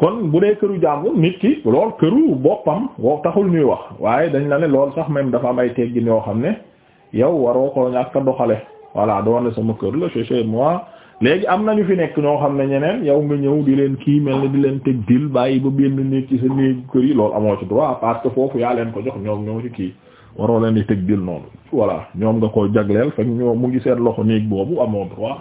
kon bu dee këru jàmbur nit ki lool këru boppam woo taxul ñuy wax waaye dañ la ne lool sax même dafa am ay teggin yoo xam ne yow waroo ko ñàkk a doxale voilà doon na sama kër la chez moi léegi am na ñu fi nekk ñoo xam ne ñeneen yow nga ñëw di leen kii mel ne di leen teg dil bàyyi ba benn néeg ci sa néeg kër yi loolu amoo ci droit parce que foofu yaa leen ko jox ñoom ñëw ci kii waroo leen di teg dil noonu voilà ñoom nga ko jagleel fekk ñoo mu ngi seen loxo néeg boobu amoo droit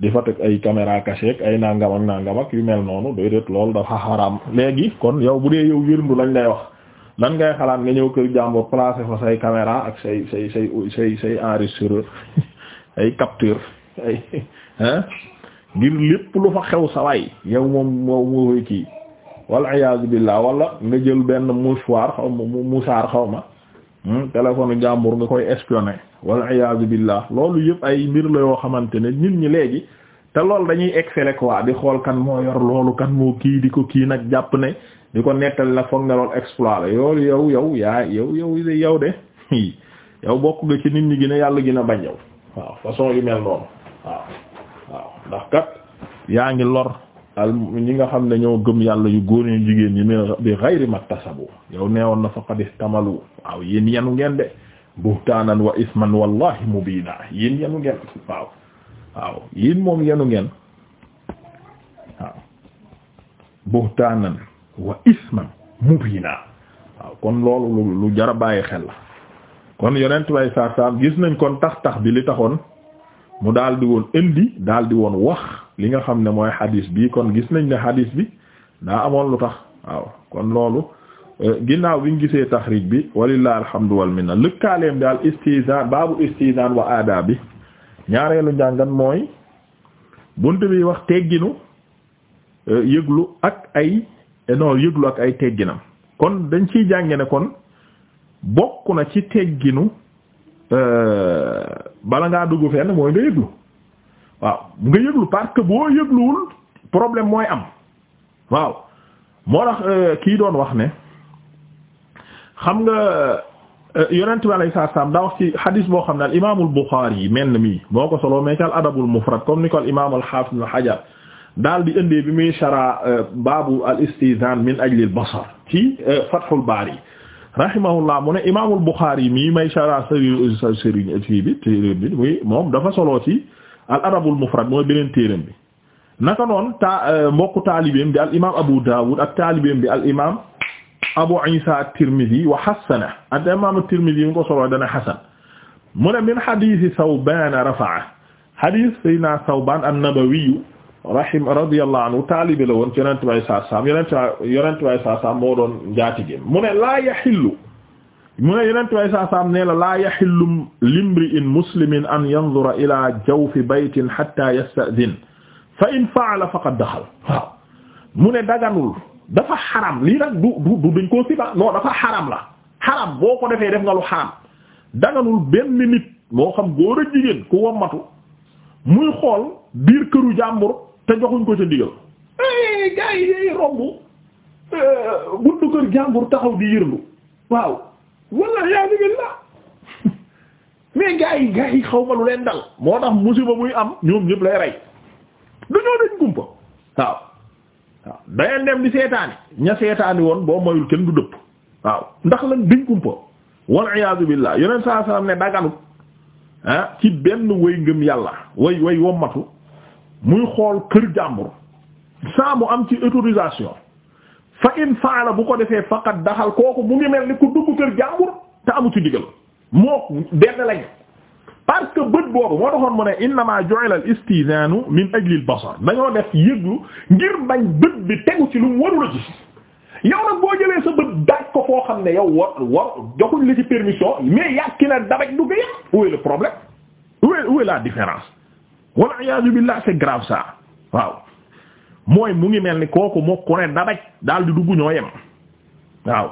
di fa teg ay caméra cachée ay nangam ak nangam ak yu mel noonu déedéet loolu dafa xaraam léegi kon yow bu dee yow wirndu lañ lay wax nan ngay xalaat nga ñëw kër jàmbur placer fa say caméra ak say say say say say enregistreur ay capteur ay hein ngir lépp lu fa xew sa yow moom moo moo kii wal iyaazu billah wala nga jël benn mouchoir xaw ma mousaar xaw ma Hmm? téléphone jàmbur nga koy espionner wal iyaazu billah loolu yëpp ay mbir la yoo xamante ne nit ñi léegi te loolu dañuy exceller quoi di xool kan moo yor loolu kan moo kii di ko kii nag jàpp ne di ko nettali nag foog ne loolu exploit la yoolu yow yow yaa yow yow yow de yow bokk nga ci nit ñi gën a yàlla gën a bañ yow waaw façon yu mel noonu waaw waaw ndax kat yaa ngi lor al ñi nga xam ne ñoo gëm yàlla yu góor ñu jigéen ñi min bi ghayri maktasabu yow neewoon na faqad istamalu waaw yéen yanu ngeen de buhtaanan wa isman wallahi mubina yéen yanu ngeen waaw waaw yéen moom yanu ngeen waaw buhtaanan wa isman mubina waaw kon loolu lu jara bàyyi xel la kon yonent bay saar saam gis nañ kon tax tax bi li taxoon mu daldi di woon indi daal woon wax li nga xam ne mooy hadis bi kon gis nañ ne hadis bi daa amoon lu tax waaw kon loolu euh, ginnaaw bi ñu gisee taxrij bi walillahi alhamdu wal minna lëkkaaleem daal istizan baabu istizan wa aada bi ñaareelu njàngat mooy bunt bi wax tegginu euh, yëglu ak ay eh, non yëglu ak ay tegginam kon dañ ci jànge ne kon bokk na ci tegginu euh, bala ngaa dugg fenn mooy nga yëglu waaw nga yëglu parce que boo yëgluwul problème mooy am waaw moo tax kii doon wax ne xam nga yonent bi alayhi salaam daa wax ci hadis boo xam ne al imaamul Buxaari yi mel mii moo ko solo mais ci al adabul mufrad comme ni ko al imaam al haafiz ibn Hajar daal di indee bi muy shara baabu al istizaan min ajli al basar ci Fathul Baari rahimahullah mu ne imaamul Buxaari yi mii may shara sëriñ sëriñ fii bi téere bi muy moom dafa solo ci. al adabul mufrad mooy beneen téeram bi naka noonu ta euh, mbokku taalibeem bi al imaam Abu Dawud ak taalibeem bi al imaam Abu Isa at-Tirmidhi wa hasana ak imaam at-Tirmidhi mu ko solo dana hasan mu ne min hadith Thawban rafa'a hadith Sayyidina Thawban an-Nabawi rahim radiyallahu anhu taalibe la woon ci Yonent bi sallallahu alayhi wasallam Yonent bi sallallahu alayhi wasallam moo doon njaatigéem mu ne la yahillu mu ne yeneen way saa saam nee la laa yaxillu limri'in muslimin an yanzura ila jawfi baytin hatta yasta'din fa in fa'ala faqad daxal waaw mu ne daganul dafa xaram lii nag du du duñ koo siba non dafa xaram la xaram boo ko defee def nga lu xaram daganul benn nit moo xam góor a jigéen ku wommatu muy xool biir këru jàmbur te joxuñ ko ca ndigal eh, gars yi eh, kër jàmbur taxaw di yërlu waaw walla yaa billah mais gaa yi gaa yi xaw ma lu leen dal moo tax musiba muy am ñoom ñëpp lay rey dañoo dañ gumpa waaw waaw dangeen dem di seetaani ña seetaani woon boo mayul kenn du dëpp waaw ndax lañ dañ gumpa wal iyaazu billaah yoneen saa salaam ne daganut ah ci benn way ngëm yàlla way way wommatu muy xool kër jàmbur saa mu am ci autorisation fa in faala bu ko defee faqat daxal kooku mu ngi mel ni ku dugg kër jàmbur te amu ci digal moo benn lañ parce que bët boobu moo taxoon mu ne innama ju'ila al min ajli al-basar dañoo def yëglu ngir bañ bët bi tegu ci lu mu warul a gis yow nag boo jëlee sa bët daaj ko foo xam ne yow war war joxuñ la ci permission mais yàkki na dabaj du ko yëpp où problème où est la différence wal iyaazu billah c'est grave ça waaw mooy mu ngi mel ni kooku moo ko ne dabaj daal di dugg ñoo yem waaw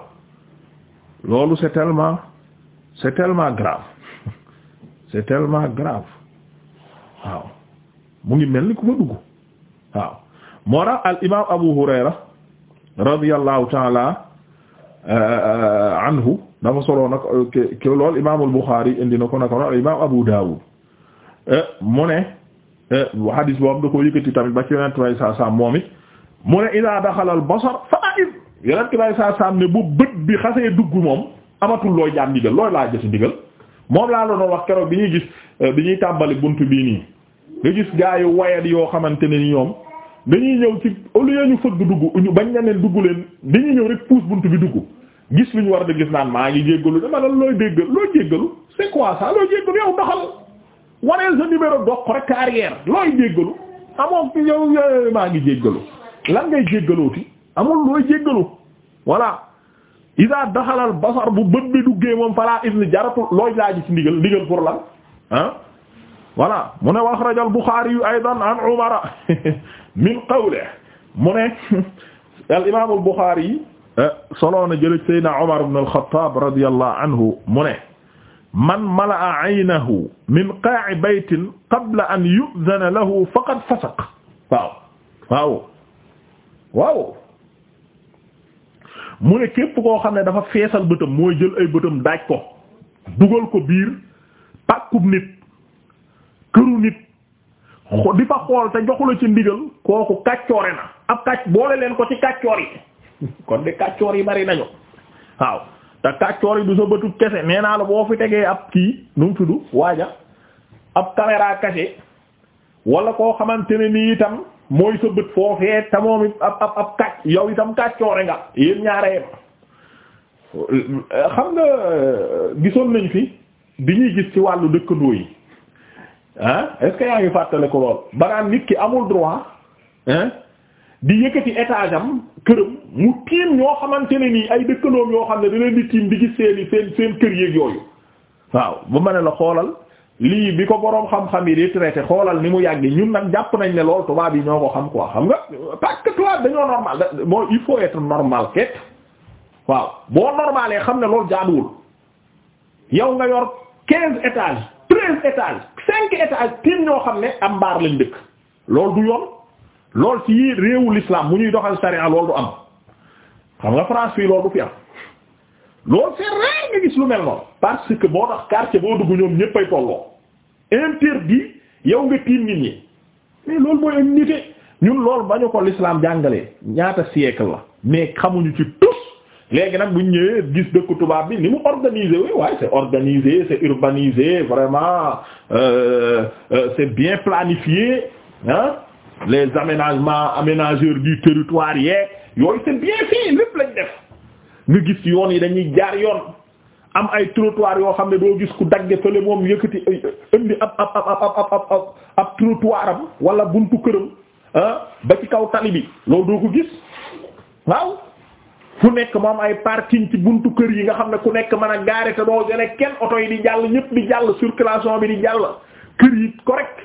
loolu c'est tellement c'est tellement grave c'est waaw mu ngi mel ni ku fa dugg waaw moo tax al imaam Abu Hurayra radiyallahu taala euh, euh, anhu dafa solo nag euh, lool na ko imaam Abu Dawud mu ne. Eh, hadis boobu da ko yëkkati tamit ba ci yonent bi sallallahu alayhi moom it mu ne idaa a al basar fa a'id yonent bi sallallahu alayhi ne bu bët bi xasee dugg moom amatul looy jaam ndigal looy laa jësi ndigal moom laa doon wax keroog bi ñuy gis eh, bi ñuy tàmbali bunt bii nii nga gis gaa yu wayat yoo xamante ne ni ñoom dañuy ñëw ci au lieu ñu fëgg dugg ñu bañ na leen dugg leen dañuy ñëw rek puus bunt bi dugg gis lu ñu war a gis naan maa ngi jéggalu dama la looy déggal looy waneel sa numéro dox ko rek carrière looy jéggalu amoo ki yow maa ngi jéggalu lan ngay jéggalooti amul looy jéggalu voilà isa daxalal basar bu bët bi duggee falaa idne jaratul looy laaji ci ndigal ndigal pour lan ah voilà mu ne yu aidan an umara min qawle mu ne al imam al Buxaari yi eh, soloona jëlëj saydna Umar ibn anhu mu man mala'a aynahu min qaa'i baytin qabla an yu'dhana lahu faqad fasaq waaw waaw waaw mu ne képp koo xam ne dafa feesal bëtam mooy jël ay bëtam daaj ko dugal ko biir pàkkub nit këru nit di fa xool te joxula ci ndigal kooku kàccoore na ab kàcc boole leen ko ci kàccoor yi kon de kàccoor yi bari nañu waaw te kàccoor yi du sa bëtu kese nee naa la boo fi tegee ab kii nu mu tudd waaja ab caméra cachée wala koo xamante ne nii itam mooy sa bët foofee te it ab ab ab kàcc yow itam kàccoore nga yéen ñaaree xam nga gisoon nañ fi bi ñuy gis ci wàllu dëkkandoo yi ah est yaa ngi fàttale ko lool ba nit ki amul droit hein di yëkkati étage am këram mu tiim ñoo xamante ne nii ay dëkkandoom yoo xam ne da leen di tiim di gis seeni seen seen kër yeeg yooyu waaw bu ma ne la xoolal lii bi ko boroom xam-xam yi di traité xoolal ni mu yàgg ñun nag jàpp nañ ne lool tubaab yi ñoo ko xam quoi xam nga parce que dañoo normal bon il faut être normal ket waaw boo normalee xam ne loolu jaaduwul yow nga yor quinze étages treize étages cinq étages tiim ñoo xam ne am mbaar lañ dëkk loolu du yoon lool fii réewu lislaam mu ñuy doxal sariya lool du am xam nga France fii lool du fi am loolu c'est rare nga gis lu mel noonu parce que boo tax quartier boo dugg ñoom ñëppay tolloo interdit yow nga tiim nit ñi mais loolu mooy am nite ñun loolu bañu ko lislaam jàngalee ñaata siècle la mais xamuñu ci tous léegi nag buñ ñëwee gis dëkku tubaab bi ni mu organisé wu waaye c'est organisé c'est urbanisé vraiment euh, euh, c'est bien planifié ah les aménagements aménageurs du territoire yeeg yooyu c'est bien fait lépp lañ def nga gis yoon yi dañuy jaar yoon am ay trottoir yoo xam ne doo gis ku dagge moom yëkkati indi ab ab ab ab ab ab trottoir wala buntu këram ah kaw tali bi loolu doo ko gis waaw fu nekk moom ay parking ci buntu kër yi nga xam ne ku nekk mën a gaare te doo jëlee kenn oto yi di jàll ñëpp di jàll circulation bi di jàll kër yi correct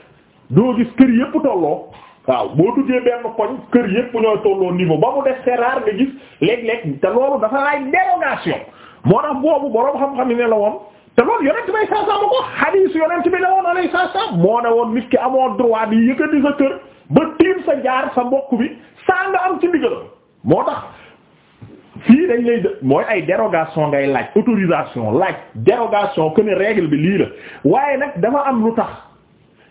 doo gis kër yëpp tolloo. waaw boo duggee benn koñ kër yépp ñooy tolloo niveau ba mu def c'est rare nga gis léeg-léeg te loolu dafa laaj dérogation moo tax boobu boroom xam-xam yi ne la woon te loolu yonent bay saasaam ko xadiis yonent bi la woon alay saasaam moo ne woon nit ki amoo droit bi yëkkati sa kër ba tiim sa jaar sa mbokk bi saa nga am ci ndigal moo tax fii dañ lay mooy ay dérogation ngay laaj autorisation laaj dérogation que ne règle bi lii la waaye nag dafa am tax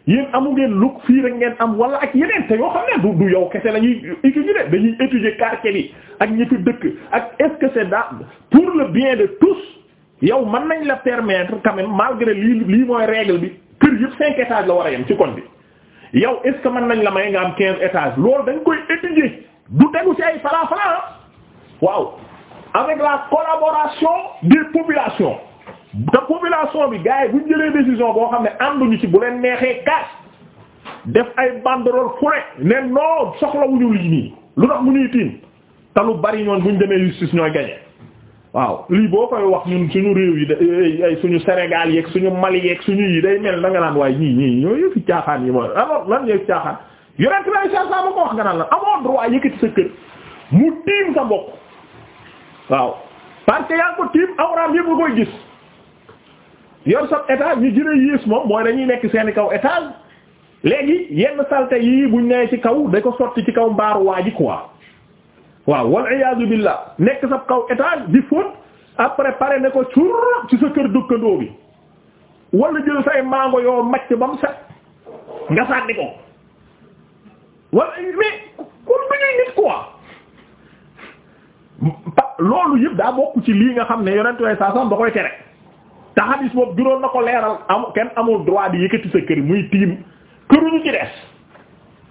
yéen amu ngeen lu fii rek ngeen am wala ak yeneen te yoo xam ne du du yow kese la ñuy étudier dañuy étudier quartier bi ak ñi fi dëkk ak est-ce que c'est da pour le bien de tous yow mën nañ la permetre quand même malgré lii lii mooy règle bi kër yëpp cinq étages la war a yem ci kon bi yow est-ce que mën nañ la may nga am quinze étages loolu dañ koy étudier du tegu ci ay fala fala ah. waaw avec la collaboration des population te population bi gars yi bu ñu jëlee décision boo xam ne ànduñu ci bu leen neexee kaas def ay banderole fure ne non soxlawuñu lii nii lu tax mu ñuy tiim te lu bari ñoon bu demee justice ñooy gañe waaw lii boo koy wax ñun suñu réew yi eh, ay suñu Sénégal yeeg suñu Mali yeeg suñu yi day mel da nga naan waaye ñii ñii ñoo yëfi caaxaan yi mooy alors lan ñooy caaxaan yonent bi ay saa ma ko wax nga naan la amoon droit yëkkati sa kër mu tiim yor sab étage ñu gën a yées moom mooy dañuy nekk seeni kaw étage léegi yenn saleté yii buñ nee ci kaw da ko sotti ci kaw mbaaru waa ji quoi waaw wal iyaazu billah nekk sab kaw étage di fóot après pare ne ko cur ci sa kër dëkkandoo bi wala jël say mango yoo macc ba mu set nga sànni ko wala mais kon bi ñuy nit quoi loolu yëpp daa bokk ci lii nga xam ne yonentu way saa sam da koy tere te xadis boobu juróon na ko leeral am kenn amul droit di yëkkati sa kër muy tiim këruñu ci des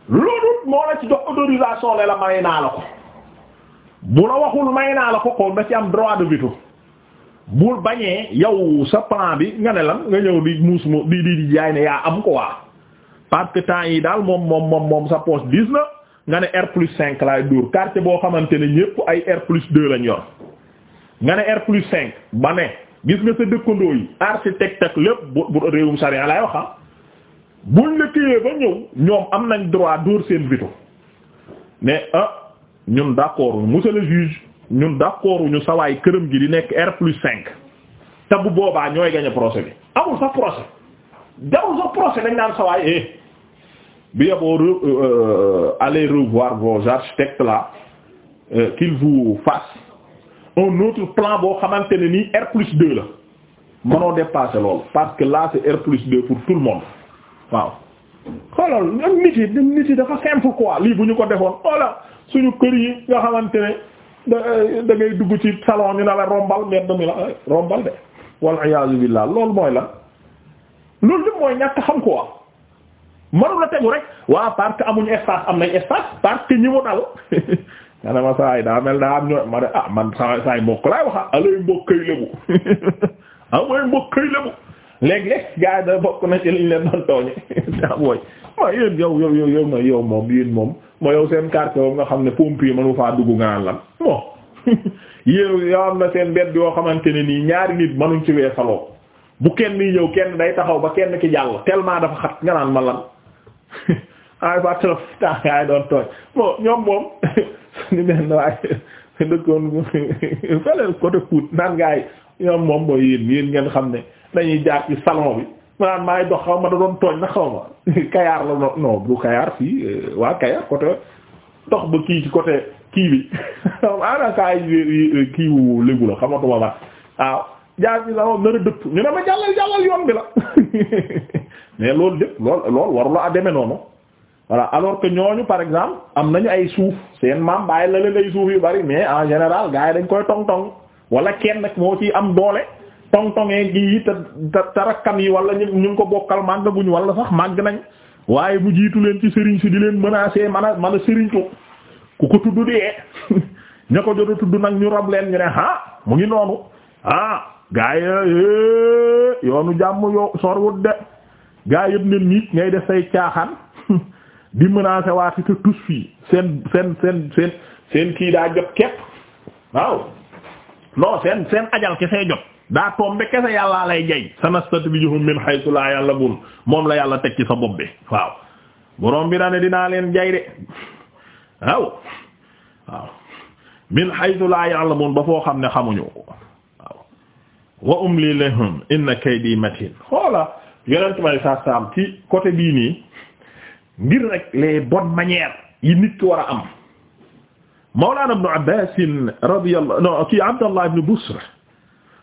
loolu moo la ci jox autorisation la may naa la ko bu la waxul may naa la ko kon da ci am droit de veto bul bañee yow sa plan bi nga ne lan nga ñëw di muus mu di di di jaay ne yaa am ko waa parce que temps yi daal moom moom moom moom sa poche dis nga ne R plus cinq laay dóor quartier boo xamante ne ñépp ay R plus deux lañ yor nga ne R plus cinq ba gis nga sa dëkkandoo yi architecte ak lépp bu bu réewum sariya laay wax ah buñ la téyee ba ñëw ñoom am nañ droit dóor seen veto mais ah ñun wu monsieur le juge ñun d'accord ñu sawaay këram gi di nekk R plus cinq te bu boobaa ñooy gañe procès bi amul sax procès jarul sax procès dañ naan sawaay eh bi yaboo euh, euh, allez revoir vos architectes là euh, qu'ils vous fassent un autre plan boo xamante ne nii R plus 2 la mënoo dépasser loolu parce que là c'est R plus 2 pour tout le monde waaw xoolal ak nit yi nit yi dafa simple quoi lii bu ñu ko defoon voilà suñu kër yi nga xamante ne da euh, ngay dugg ci salon ñu na la rombal mbedd mi la euh, rombal de wal iyaazu billaah loolu mooy la loolu lépp mooy ñàkk xam quoi mënu la tegu rek waa parce que amuñu espace am nañ espace parce que ñi mu dal nga ne ma saay daa mel daa am ñoo ma ne ah man saa saay mbokk laay waxa ah, alay mbokkay lébu amay mbokkay lébu léeg-léeg gars yi da bokk na ci liñ leen doon tooñe da booy ma yéen yow yow yow yow yow moom yéen moom ma yow seen quartier moom nga xam ne pompier mënu faa dugg nga naan lan bon yéen yow am na seen mbedd yoo xamante ne nii ñaari nit mënuñ ci weesaloo bu kenn nii ñëw kenn day taxaw ba kenn ki jàll tellement dafa xat nga naan ma lan ay fàttalo temps gars yi doon ni benn waaye dëkkoon fële côté Pout naan gaa yi ñoom moom mooy yéen yéen ngeen xam ne dañuy jaar ci salon bi mu naan dox xaw ma da doon tooñ na xaw ma Kayar la non non bu Kayar fii euh, waa Kayar côté dox ba kii ci côté kii bi ana kaay kii wu léegu la xamatuma ba waaw jaar ci salon nar a dëpp ñu ne ma jàllal jàllal yoon bi la mais loolu lépp lool loolu warula a demee noonu voilà alors que ñooñu par exemple am nañu ay suuf seen maam bàyyi la leen ay suuf yu bari mais en général gars yi dañ koy tong-tong wala kenn nag moo ci am doole tong-tongee gi te te rakkam yi wala ñu ngi ko bokkal màggaguñu wala sax màgg nañ waaye bu jiitu leen ci sëriñ si di leen menacer man a man a sëriñtu ku ko tudd dee ña ko jot tudd nag ñu rab leen ñu ne ah mu ngi noonu ah gars yi eh, yoonu jàmm yo sorwut de gars yëpp ne nit ngay def say caaxaan di menacer waati te tus fii seen seen seen seen kii daa jot kepp waaw seen seen ajal kesee jot daa tombe kese yàllaa lay jay sanastadrijuhum min haythu la ya'lamun moom la yàlla teg ci sa bopp bi waaw borom bi daa ne dinaa leen jay de waaw waaw min haythu la ya'lamun ba foo xam ne xamuñu waaw wa umli lahum inna kaydi matin xoola yonent may ci côté bii nii ngir rek les bonnes manières yi nit ki war a am mawlana ibn abbas radiyallahu no kii abdallah ibn busr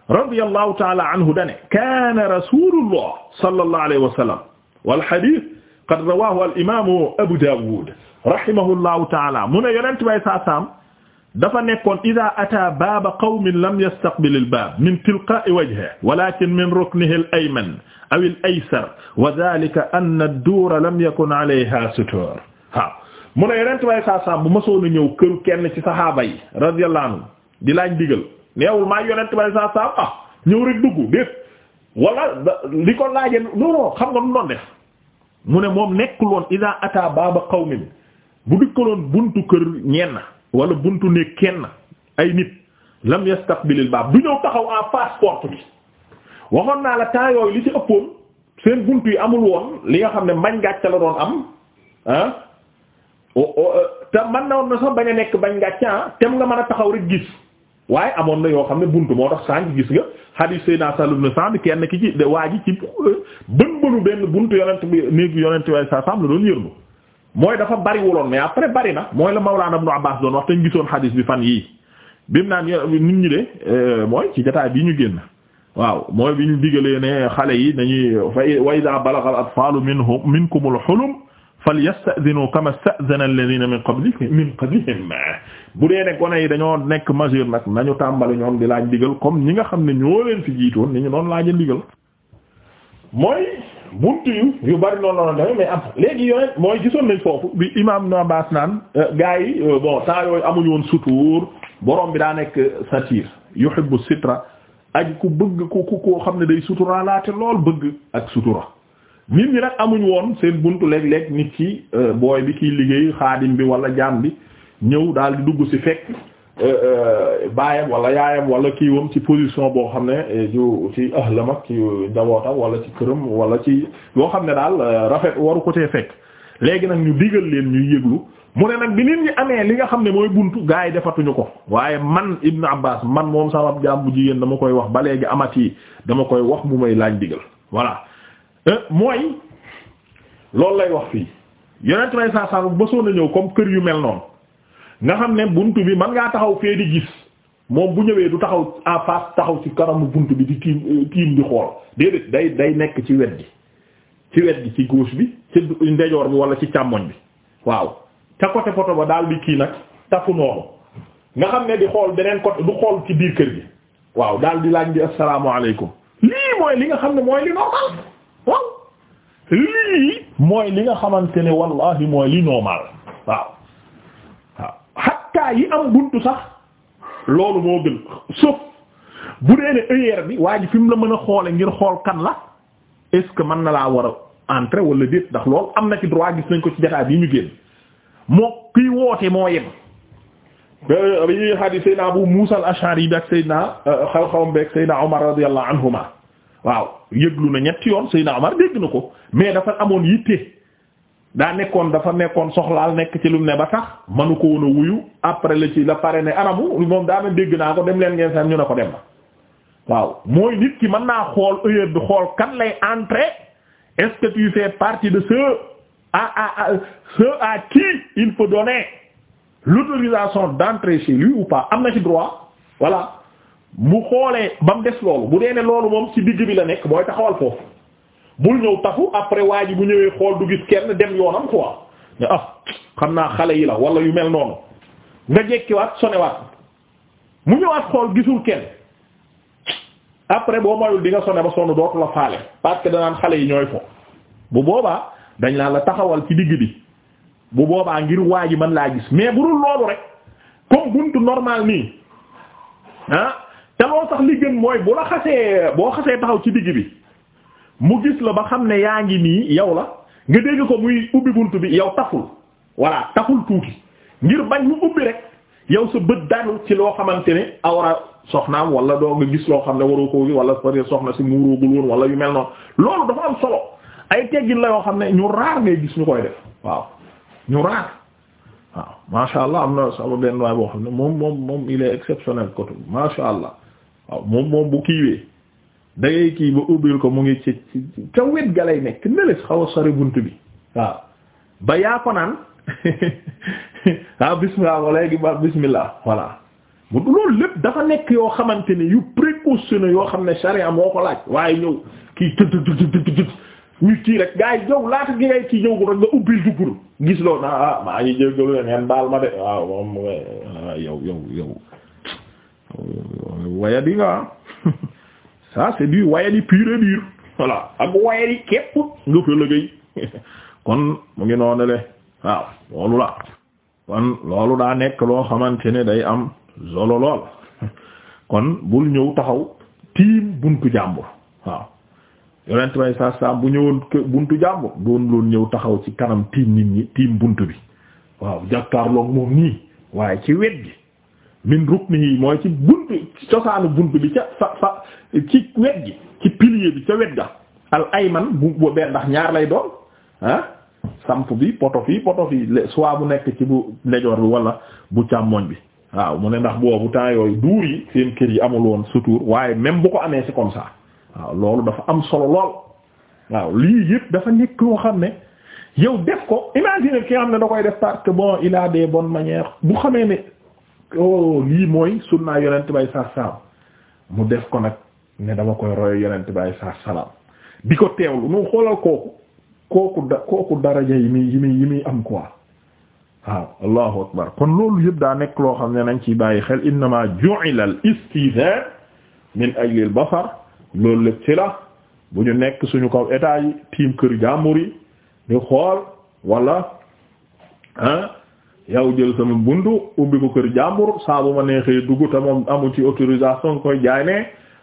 radiyallahu ta'ala anhu dane kana rasulullah sallallahu alayhi wa sallam wal hadith qad rawahu al imam abu dawud rahimahullahu ta'ala mu ne yonent bay sa sam dafa nekkoon ida ata baaba qawmin lam yastaqbil al-baab min tilqaa'i wajhihi walakin min ruknihi al aw al-aysar wa dhaalika anna ad-duura lam yakun 'alayhaa sutuur bu mësoon a ñëw këru kenn ci saxaaba yi radiyallahu anhu di laaj digal neewul maa yonent tubaab saa saa ah ñëw rek dugg déet wala li ko laajee doon def mu ne moom nekkul woon ida ata baaba qawmin bu dikkaloon buntu kër ñenn. wala buntu ne kenn ay nit lam yastaqbilil baab du ñëw taxaw en face porte bi waxoon naa la temps yooyu li ci ëppoon seen buntu yi amul woon li nga xam ne mbañ gàcce la doon am ah e, te man na woon na sax bañ a nekk bañ gàcce ah tem nga mën a taxaw rek gis waaye amoon na yoo xam ne bunt moo tax sànq gis nga hadith sayna Salim na sànq kenn ki ci waa ji ci e, bën bënu benn buntu yonent bi néegu yonent bi sallallahu alayhi wasallam la doon yërnu mooy dafa bariwuloon mais après bari na mooy la Mawlana Ibn Abbas doon wax te ñu gisoon xadiis bi fan yii bim naan nit ñi de euh, mooy ci jotaay bi ñu génn waaw mooy bi ñu digalee ne xale yi dañuy wa iza balagha al-atfalu minhum minkum al-hulum falyasta'dhinu kama ista'dhana na min qablihim min qablihim bu dee ne gone yi dañoo nekk majeur nag nañu tàmbali ñoom di laaj digal comme ñi nga xam ne ñoo leen fi jiitoon ni ñu doon laaj a digal mooy. buntu yu yu bari noonu la doon mais am léegi yooyu mooy gisoon nañ foofu bi imaam na baas naan euh, gars yi euh, bon temps yooyu amuñu woon sutuur boroom bi daa nekk satire yuhibbu sitra aji ku bëgg ku ku koo xam ne day sutura laate lool bëgg ak sutura. nit ñi nag amuñ woon seen buntu léeg-léeg nit ki euh, booy bi kiy liggéey xaadim bi wala jaam bi ñëw daal di dugg ci fekk. Euh, euh, baayam walla yaayam wala kiiwam ci position boo xam ne eh, ju ci ahlam ak ci euh, njabootam wala ci këram wala ci yoo xam ne daal rafet waru ko tee fekk léegi nag ñu digal leen ñuy yëglu mu ne nag bi nit ñi amee li nga xam ne mooy buntu gaa yi defatuñu ko waaye man Ibn Abbas man moom sama jaam bu jigéen dama koy wax ba léegi amati dama koy wax mu may laaj digal voilà mooy loolu lay wax fii yonent may saa saa ba soo na ñëw comme kër yu mel noonu. nga xam ne bunt bi man ngaa taxaw fee di gis moom bu ñëwee du taxaw en taxaw ci karamu bunt bi di tiim euh, tiim di xool déedéet day day nekk ci wet gi ci wet gi ci gauche bi ci ndejoor bi wala ci càmmoñ bi waaw ca côté photo ba daal di kii nag tafu noonu nga xam ne di xool beneen côté du xool ci biir kër gi waaw daal di laaj bi assalaamu alaykum lii mooy li nga xam ne mooy li normal waaw lii mooy li nga xamante ne wallahi mooy li normal waaw jàkkaa yi am buntu sax loolu moo gën sauf bu dee ne heure bi waa ji fi mu la mën a xoole ngir xool kan la est-ce que mën na laa war a entre wala déet ndax lool am na ci droit gis nañ ko ci jotaay yi ñu génn moo kuy woote moo yem. bi euh, hadith Seydina Abu Musa al-Ash'ari bi ak Seydina euh, xaw-xawam bi ak Seydina Omar radiyallahu anhuma waaw yëglu na ñetti yoon Seydina Omar dégg na ko mais dafa amoon yitte. daa nekkoon dafa nekkoon soxlaal nekk ci lu ne ba sax manu ko woon a wuyu après la pare ne anamu moom daa dégg naa ko dem leen ngeen seen ñu ne ko dem na waaw mooy nit ki mën naa xool heure bi xool kan lay entrer est-ce que tu fais partie de ceux a à ceux à qui il faut donner l'autorisation d'entrer chez lui ou pa am na ci droit voilà mu xoolee ba mu des loolu bu dee ne loolu moom si digg bi la nekk mooy taxawal foofu. bul ñëw tafu après waa ji bu ñëwee xool du gis kenn dem yoonam quoi ne ah xam naa xale yi la wala yu mel noonu nga jekkiwaat sonewaat mu ñëwaat xool gisul kenn après boo mayul di nga sone ba sonn dootu la faale parce que danaan xale yi ñooy fo bu boobaa dañ laa la taxawal ci digg bi bu boobaa ngir waa ji man laa gis mais bu dul loolu rek comme buntu normal nii ah te loolu sax li gën mooy bu la xasee boo xasee taxaw ci digg bi mu gis la ba xam ne yaa ngi nii yow la nga dégg ko muy ubbi bunt bi yow taful voilà taful tuuti ngir bañ mu ubbi rek yow sa bët daanu ci loo xamante ne awra soxnaam wala doo nga gis loo xam ne waroo ko wala peut soxna si muuroogul woon wala yu mel noonu loolu dafa am solo ay teggin yoo xam ne ñu gis ñu koy waaw ñu raar allah am na sama benn waay boo xam ne moom moom moom il est exceptionnel côté macha allah waaw moom moom bu kiiwee. da kii ba ubbil ko mu ngi ci ci wet ga lay nekk neles xaw a bunt bi waaw ba yaa ko naan ah bismillah wala léegi ba loolu lépp dafa nekk yoo xamante ni yu précautionné yoo xam ne charia moo ko laaj waaye ñëw kii tëdd ñu kii rek gars yi yow laata gi ngay kii ñëw ko rek nga ubbil duggul gis loolu na ah maa ngi jéggalu leen ngeen baal ma de waaw moom ah yow yow yow waya di ça c'est du wayadi pur et dur voilà ak wayadi képp nga fa liggéey kon mu ngi noonu le waaw loolu la kon loolu daa nekk loo xamante ne day am solo lool kon bul ñëw taxaw tiim buntu jàmbur waaw yonent may saa saa bu ñëwoon buntu jàmbur doon loon ñëw taxaw ci kanam tiim nit ñi tiim bunt bi waaw jàkkaarloog moom nii waaye ci wet gi min ruknihi mooy ci bunt ci cosaanu bunt bi ca fa fa ci wet gi ci pilier bi ca wet ga al man bu boobee ndax ñaar lay doon ah samp bi poto fii poto fii soit bu nekk ci bu ndejoor bi wala bu càmmoñ bi waaw mu ne ndax boobu temps yooyu duur yi seen kër yi amul woon sutur waaye même bu ko amee c'est comme ça waaw loolu dafa am solo lool waaw lii yëpp dafa nekk yoo xam ne yow def ko imagine ki xam ne da koy def parce bon il a des bonnes bu xamee ne oh lii mooy sunnaa yonent bay sar salam mu def ko nag ne dama koy royo yonent bay sar salam di ko teewlu nu xoolal kooku kooku da kooku daraja yi muy yi muy yi muy am quoi waaw allahu akbar kon loolu yëpp daa nekk loo xam ne nañ ci bàyyi xel innama ju'ila al istizan min ajli al basar loolu lépp ci la bu ñu nekk suñu kaw état yi kër jàmbur yi lu xool wala yow jël sama buntu ubbi ko kër jàmbur saa bu ma neexee dugg te moom amu ci autorisation koy jaay ne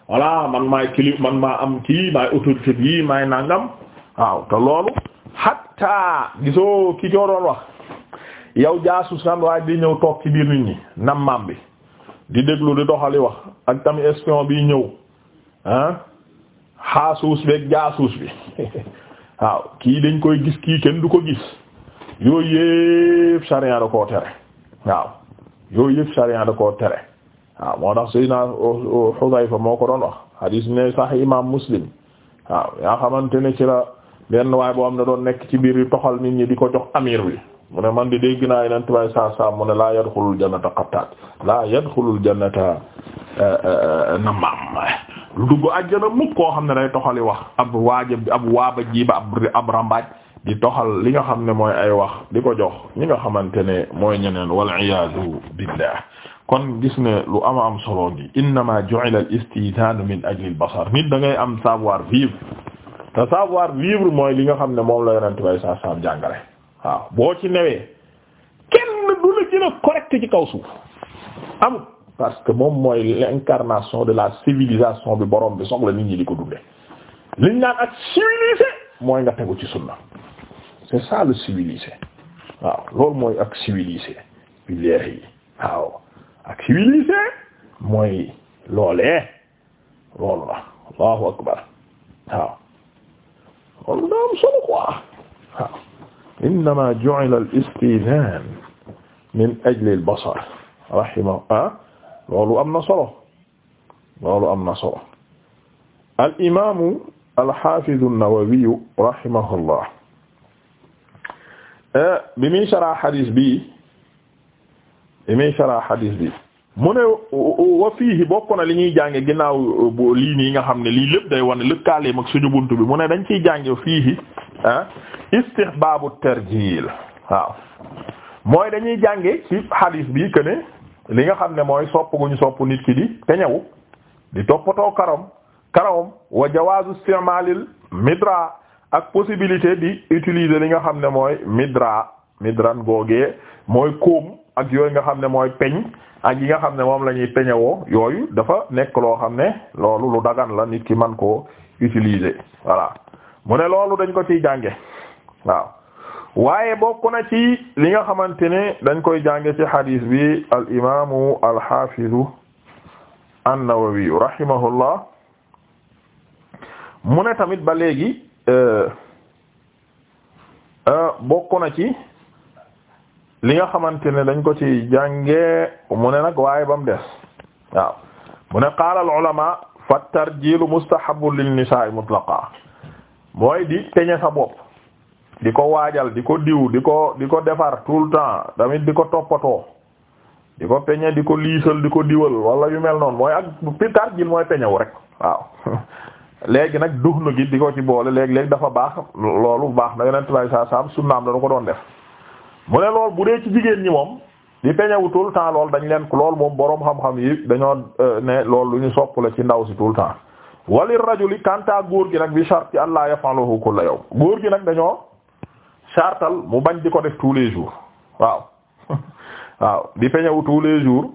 voilà man maay kili man maa am kii maay autorité bi maay nangam waaw te loolu hatta gisoo ki ko doon wax yow jaasus nan di ñëw toog ci biir nit ñi nam maam bi di déglu di doxali wax ak tamit espion bi ñëw ah xaasuus beeg jaasuus bi waaw kii dañ koy gis kii kenn du ko gis yooyu yëpp sharia da koo tere waaw yooyu yëpp sharia da ko tere waaw moo tax Seydina Xudayfa moo ko doon wax hadis ne sax imam Muslim waaw yaa xamante ne ci la benn waay boo xam ne doon nekk ci biir yi toxal nit ñi di ko jox amir bi mu ne man di dégg naa yeneen tubaab saa saa mu ne laa yadxulul jannata qattaat laa yadxulul jannata eh, eh, nammaam lu dugg àjjana mukk koo xam ne day toxali wax ab waajab ab waaba jiiba ab rambaaj di doxal li nga xam ne mooy ay wax di ko jox ñi nga xamante ne mooy ñeneen walla iyaadu billah kon gis ne lu ama am solo gi innama ju'ila al istizan min ajli da ngay am savoir vivre te savoir vivre mooy li nga xam ne moom la yonent bay jàngale waaw boo ci newee ci kaw suuf moom mooy l'incarnation de la civilisation bi bi soxla ñi di ko dunde liñ naan mooy nga tegu ci sunna c'est ça le civilisé waaw loolu mooy ak civilisé billahi waaw ak civilisé mooy loolee loolu la allahu akbar waaw loolu daa am solo quoi waaw innama ju'ila al-istizan min ajli al-basar rahima ah loolu am na solo loolu am na solo al-imam al-hafiz an-Nawawi rahimahullah Eh, bi muy sarah xadiis bi bi muy sarah xadiis bi mu ne wa fiihi bokk na li ñuy jànge ginnaaw eh, bu lii nii nga xam ne lii lépp day wane lëkkaaleem ak suñu bunt bi mu ne dañ ciy jànge fiihi ah istihbaabu tarjiil waaw mooy dañuy jànge ci xadiis bi que li nga xam ne mooy sopp gu ñu sopp nit ki di te ñëw di toppatoo karam karawam wa jawaazu istimaalil midra ak possibilité di utiliser li nga xam ne mooy midra midran googee mooy koom ak yooyu nga xam ne mooy peñ ak yi nga xam ne moom lañuy ñuy peñewoo yooyu dafa nekk loo xam ne loolu lu dagan la nit ki man koo utiliser voilà mu ne loolu dañ ko ciy jànge waaw waaye bokk na ci li nga xamante ne dañ koy jànge ci hadis bi al imaamu al xaafizu an-Nawawi rahimahullah mu ne tamit ba léegi Euh, euh, bokk na ci li nga xamante ne dañ ko ci jànge mu ne nag waaye ba mu des waaw mu ne qaala al ulama fa tarjilu mustahabu lin nisaa mutlaqa mooy di teñe sa bopp di ko waajal di ko diw di ko di ko defar tout le temps tamit di ko toppatoo di ko peñe di ko liisal di ko diwal walla yu mel noonu mooy ak tarjil mooy peñewu rek waaw léegi nag duxnu gi di ko ci boole léeg-léeg dafa baax loolu baax na yonent bay saa saam sunnaam dana ko doon def mu ne lool bu dee ci jigéen ñi moom di peñewu tout le temps lool dañ leen lool moom boroom xam-xam yi dañoo euh, ne loolu lu ñu sopp la ci ndaw si tout le temps wali rajuli kanta góor gi nag bi sharti allah yafaluhu la yawm góor gi nag dañoo chartal mu bañ di ko def tous les jours waaw waaw di peñewu tous les jours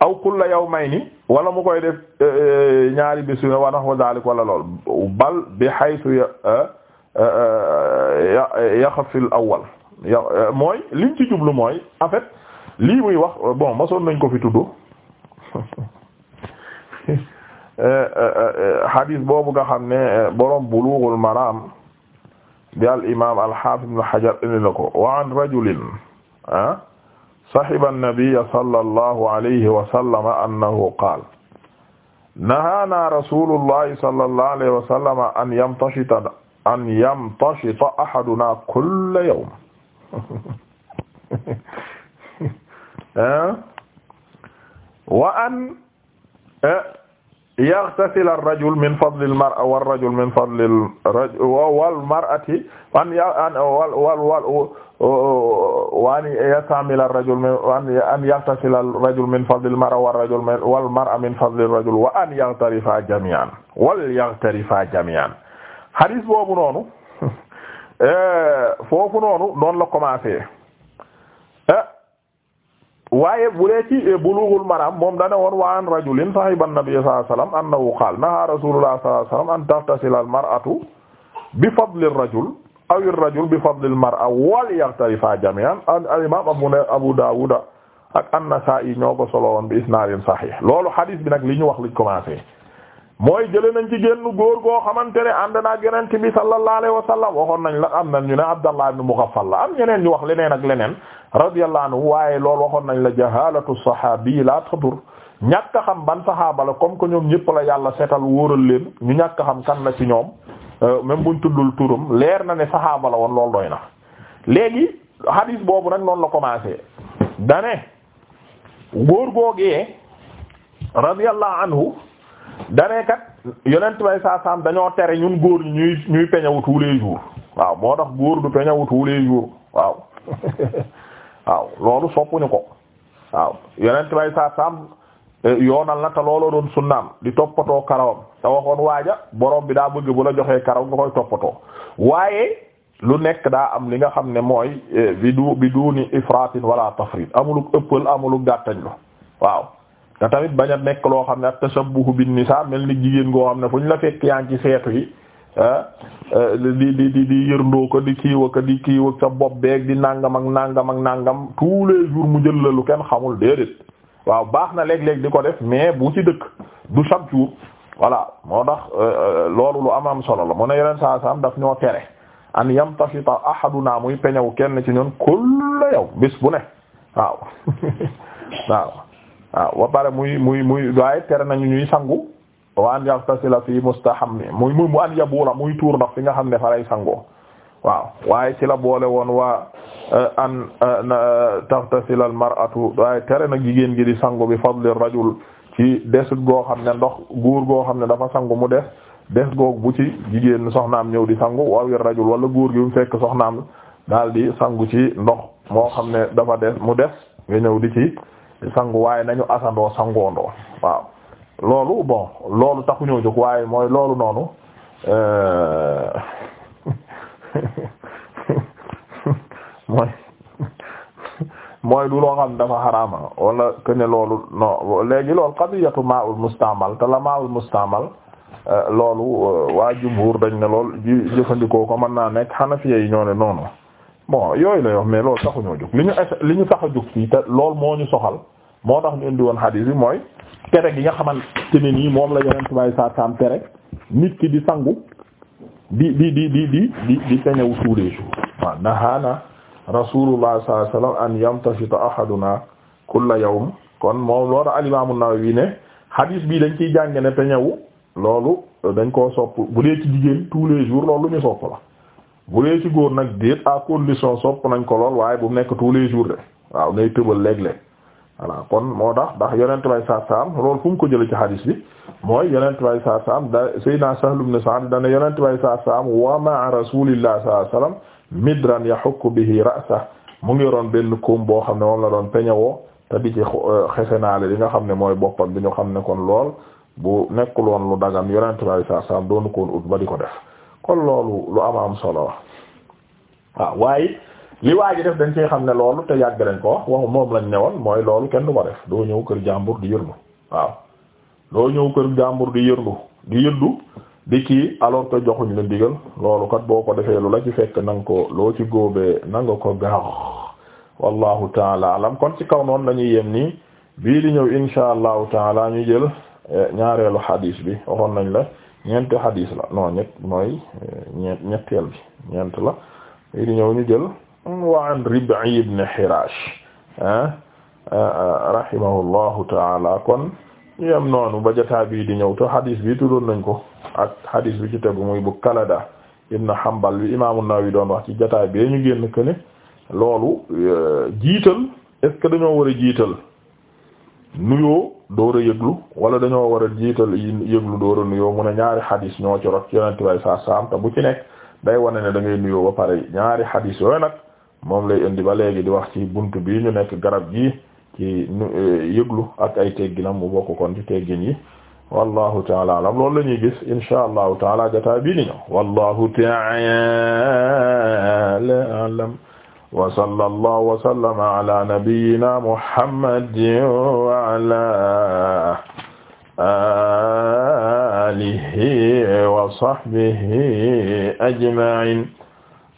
aw kulla yawmayni wala mu koy def eh, eh, ñaari bis yu ne wa nahwa zalik wala lool bal bi haythu ya eh, yaxafi al awwal mooy liñ ci jublu mooy en fait muy wax bon masoon nañ ko fi tudd hadith boobu nga xam ne borom bulughul maram bi al imam al hafiz ibn hajar indi na ko wa an rajulin ah, saxiba annabiya sallallahu alayhi wa sallam annahu qaal nahaanaa rasuulullahi sallallahu alayhi wa sallam an yamtashita an yamtashita ahadunaa kulla yawm eh? wa an eh? yaxtasil ar-rajul min fadli al-mar'a war-rajul min fadli ar-rajul wal-mar'ati an wal wal waan uh, uh, yastamil ar-rajul min an yaxtasil ar-rajul min fadli al-mar'a war-rajul wal-mar'a min fadli ar-rajul wa an yaghtarifa jami'an wal yaghtarifa jami'an hadis boobu noonu eh, foofu noonu noonu la commencé. waaye bu dee ci eh, bulughul maram moom dane woon waa an rajulin sahiba an-nabi sallallahu alayhi wasallam na qaala naha rasulullah sallallahu alayhi wasallam an taghtasila al-mar'atu bi fadli ar-rajul aw rajul bi fadli al-mar'a wal yaghtarifa jami'an al-imam abu dawud ak an-nasa'i ñoo ko solo woon bi isnaadin sahih loolu hadith bi nag li ñu wax liñ commencé mooy jële nañ ci génn góor goo xamante ne ànd naa yonent bi sallallahu alayhi wasallam waxoon nañ la am na ñu ne abdallah ibn mughaffal la ñeneen ñu wax leneen ak leneen radiyallahu anhu waaye loolu waxoon nañ la jahalatu sahabi la tadur ñàkk xam ban sahaaba la comme que ñoom ñëpp la yàlla seetal wóoral leen ñu ñàkk a xam kan la ci ñoom euh, même buñ tuddul turam leer na ne sahaaba la woon lool doy na léegi hadis boobu nag noonu la commencé dane góor googee radiyallahu anhu dane yonent bay saa dañoo tere ñun góor ñi ñuy ñuy peñawu tous les waaw moo tax góor du peñawu tous les jours waaw waaw loolu soppuñu ko waaw yonent bay saa saam eh, yoonal na te looloo doon sunnaam di toppatoo karawam te waxoon waaja borom bi daa bëgg bu la joxee karaw nga koy toppatoo waaye lu nekk daa am li nga xam ne mooy eh, bi du bi duni ifratin wala tafrit amulu ëppal amulu gàttañ lu waaw te tamit bañ a nekk loo xam ne at tashabbuhu bin nisa mel ni jigéen goo xam ne fu ñu la fekk yaa ngi ci seetu yi Ah, eh, di di di di yërndoo ko di kiiwa ko di kiiwa sa bopp beeg di nangam ak nangam ak nangam tous les mu jël la lu kenn xamul déedéet waaw baax na léeg-léeg di ko def mais bu ci dëkk du chaque jour voilà moo tax eh, eh, loolu lu am am solo la mu ne yeneen saa am daf ñoo tere an yamtashita ahaduna muy peñaw kenn ci ñun kulla yow bis bu ne waaw waaw waaw ba pare muy muy muy waaye tere nañu ñuy sangu wa an yagtasila fii mustahammi muy muy mu an yabula muy tuur ndox fi nga xam ne fa lay sangoo waaw waaye ci la boole woon waa eh, an eh, eh, tagtasila al mar'atu waaye tere na jigéen gi di sangu bi fadli rajul ci desut goo xam ne ndox góor goo xam ne dafa sangu mu des des goog bu ci jigéen soxnaam ñëw di sangu wawi rajul wala góor gi mu fekk soxnaam daal di sangu ci ndox moo xam ne dafa des mu des nga ñëw di ci sangu waaye nañu asandoo sangoondoo waaw loolu bon loolu taxu jóg waaye mooy loolu noonu euh, mooy mooy du loo xam dafa xaraama wala que ne loolu non léegi loolu qadiyatu ma'ul mustamal te la ma'ul mustamal euh, loolu euh, waa jumhur dañ ne lool ji jëfandikoo ko mën naa nekk hanafiya yi ñoo ne noonu bon yooyu la yoo mais loolu taxu ñoo jóg li ñu li ñu tax a jóg fii te loolu moo ñu soxal moo tax ñu indi woon hadith yi mooy tere gi nga xamante ne nii moom la yonent bay saa saam tere nit ki di sangu di di di di di di di peñewu tous les jours waaw nahaana rasulullah sallallahu alayhi wasallam an yamtashita ahaduna kulla yawm kon moom loolu al imam an ne hadis bii dañ ciy jàng ne peñewu loolu dañ koo sopp bu dee ci jigéen tous les jours loolu lu ñu sopp la bu dee ci góor nag déet à condition sopp nañ ko lool waaye bu nekk tous les jours de waaw nay tëbal léeg voilà kon moo tax ndax yonent bay saa saam loolu fu mu ko jëlee ci hadis bi mooy yonent bay saa saam da Seydina Sahl ibn Sa'd dana yonent bay saa saam wa ma'a rasuulillah sallallahu alayhi wasallam midran yahukku bihi mu ngi yoroon benn koom boo xam ne moom la doon peñawoo te di ci euh, xesenaale li nga xam ne mooy boppam bi ñu xam ne kon lool bu nekkul woon lu dagan yonent bay saa saam doonu koon ut ba di ko def kon loolu lu am am solo waaw waaye. li waa ji def dañ cee xam ne loolu te yàgg dañ ko wax waxu moom lañ newoon mooy loolu kenn du ko def doo ñëw kër jàmbur di yërlu waaw doo ñëw kër jàmbur di yërlu di yëddu di kii alors que joxuñ la ndigal loolu kat boo ko defee lu la ci fekk nang nga ko loo ci góobee na nga ko gaaw wallahu taala alam kon ci kaw noonu la ñuy yem nii bii di ñëw insha allahu taala ñu jël eh, ñaareelu xadiis bi waxoon nañ la ñeenti xadiis la non ñett mooy eh, ñeenteel bi ñeent la bii di ñëw ñu jël wa an Rib'i ibn Hirash ah, ah, rahimahullahu taala kon ñu am noonu ba jotaay bii di ñëw te hadis bi tuddoon nañ ko ak hadis bi ci tegu muy bu Kalada ibn xambal bi Imaam An-Nawawi doon wax ci jotaay bee ñu génn que loolu euh, jiital est-ce que dañoo war a jiital nuyoo door a yëglu wala dañoo war a jiital yëglu door a nuyoo mu ne ñaari hadis ñoo ci rot ci Yonent bi bu ci nekk day wane ne da ngay nuyoo ba pare ñaari hadis yooyu nag. moom lay indi ba léegi di wax ci bunt bi ñu nekk garab gi ci e, yëglu ak ay tegginam mu bokk kon ci teggin taala alam loolu la gis insha allahu taala jataay bii ni taala alam wa sallallahu wa sallama ala